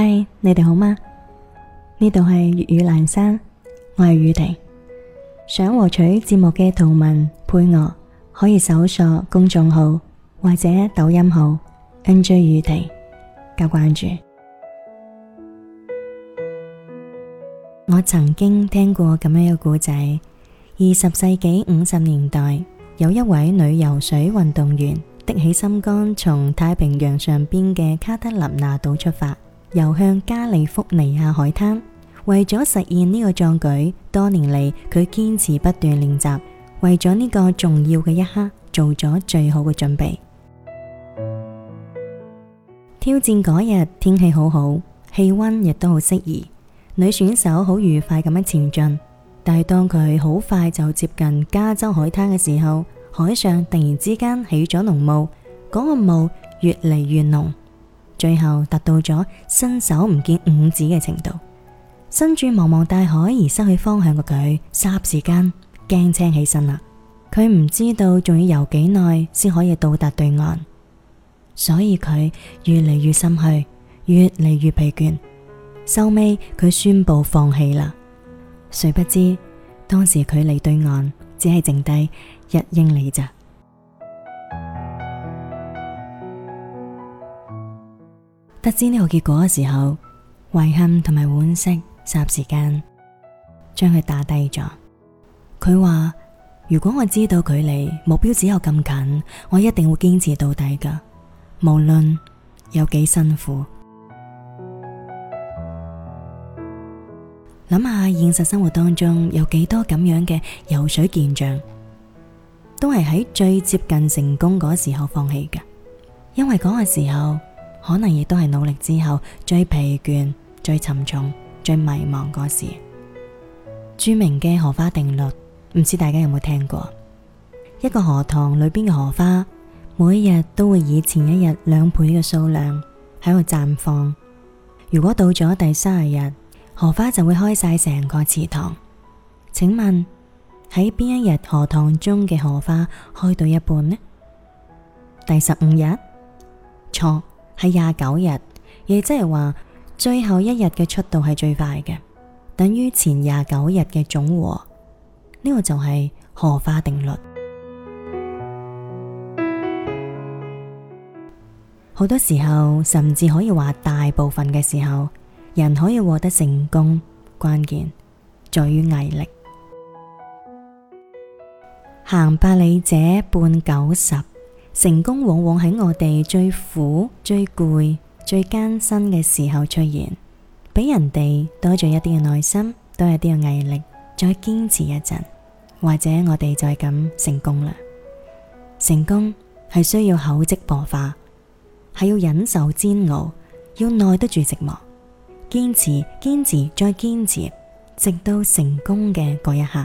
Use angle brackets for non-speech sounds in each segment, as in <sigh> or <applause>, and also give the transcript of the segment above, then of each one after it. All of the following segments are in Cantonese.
嗨，你哋好嗎？呢度係粵語闌山，我係宇婷。想獲取節目嘅圖文配樂，可以搜索公眾號或者抖音號 NJ 宇婷加關注。我曾經聽過咁樣嘅故仔：二十世紀五十年代，有一位女游水運動員，的起心肝，從太平洋上邊嘅卡德林那島出發。游向加利福尼亞海灘，為咗實現呢個壯舉，多年嚟佢堅持不斷練習，為咗呢個重要嘅一刻做咗最好嘅準備。 <music> 挑戰嗰日天氣好好，氣温亦都好適宜，女選手好愉快咁樣前進。但係當佢好快就接近加州海灘嘅時候，海上突然之間起咗濃霧，嗰個霧越嚟越濃。最後達到咗伸手唔見五指嘅程度，身住茫茫大海而失去方向嘅佢，霎時間驚青起身啦。佢唔知道仲要游幾耐先可以到達對岸，所以佢越嚟越心虛，越嚟越疲倦。收尾佢宣布放棄啦。誰不知當時佢離對岸只係剩低一英里咋。得知呢個結果嘅時候，遺憾同埋惋惜霎時間將佢打低咗。佢話：如果我知道距離目標只有咁近，我一定會堅持到底噶，無論有幾辛苦。諗下現實生活當中有幾多咁樣嘅游水健將，都係喺最接近成功嗰時候放棄噶，因為嗰個時候。可能亦都係努力之後最疲倦、最沉重、最迷茫嗰時。著名嘅荷花定律，唔知大家有冇聽過？一個荷塘裏邊嘅荷花，每一日都會以前一日兩倍嘅數量喺度綻放。如果到咗第三十日，荷花就會開晒成個池塘。請問喺邊一日荷塘中嘅荷花開到一半呢？第十五日，錯。係廿九日，亦即係話最後一日嘅速度係最快嘅，等於前廿九日嘅總和。呢個就係荷花定律。好多時候，甚至可以話，大部分嘅時候，人可以獲得成功，關鍵在於毅力。行百里者半九十。成功往往喺我哋最苦、最攰、最艱辛嘅時候出現，比人哋多咗一啲嘅耐心，多一啲嘅毅力，再堅持一陣，或者我哋就係咁成功啦。成功係需要厚積薄發，係要忍受煎熬，要耐得住寂寞，堅持、堅持再堅持，直到成功嘅嗰一刻。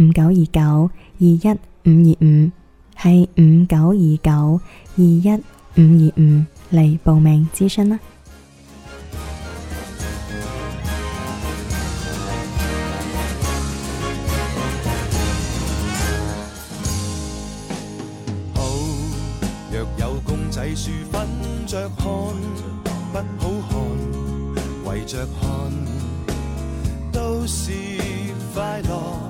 五九二九二一五二五係五九二九二一五二五嚟報名諮詢啦。好，若有公仔書分著看不好看，圍著看都是快樂。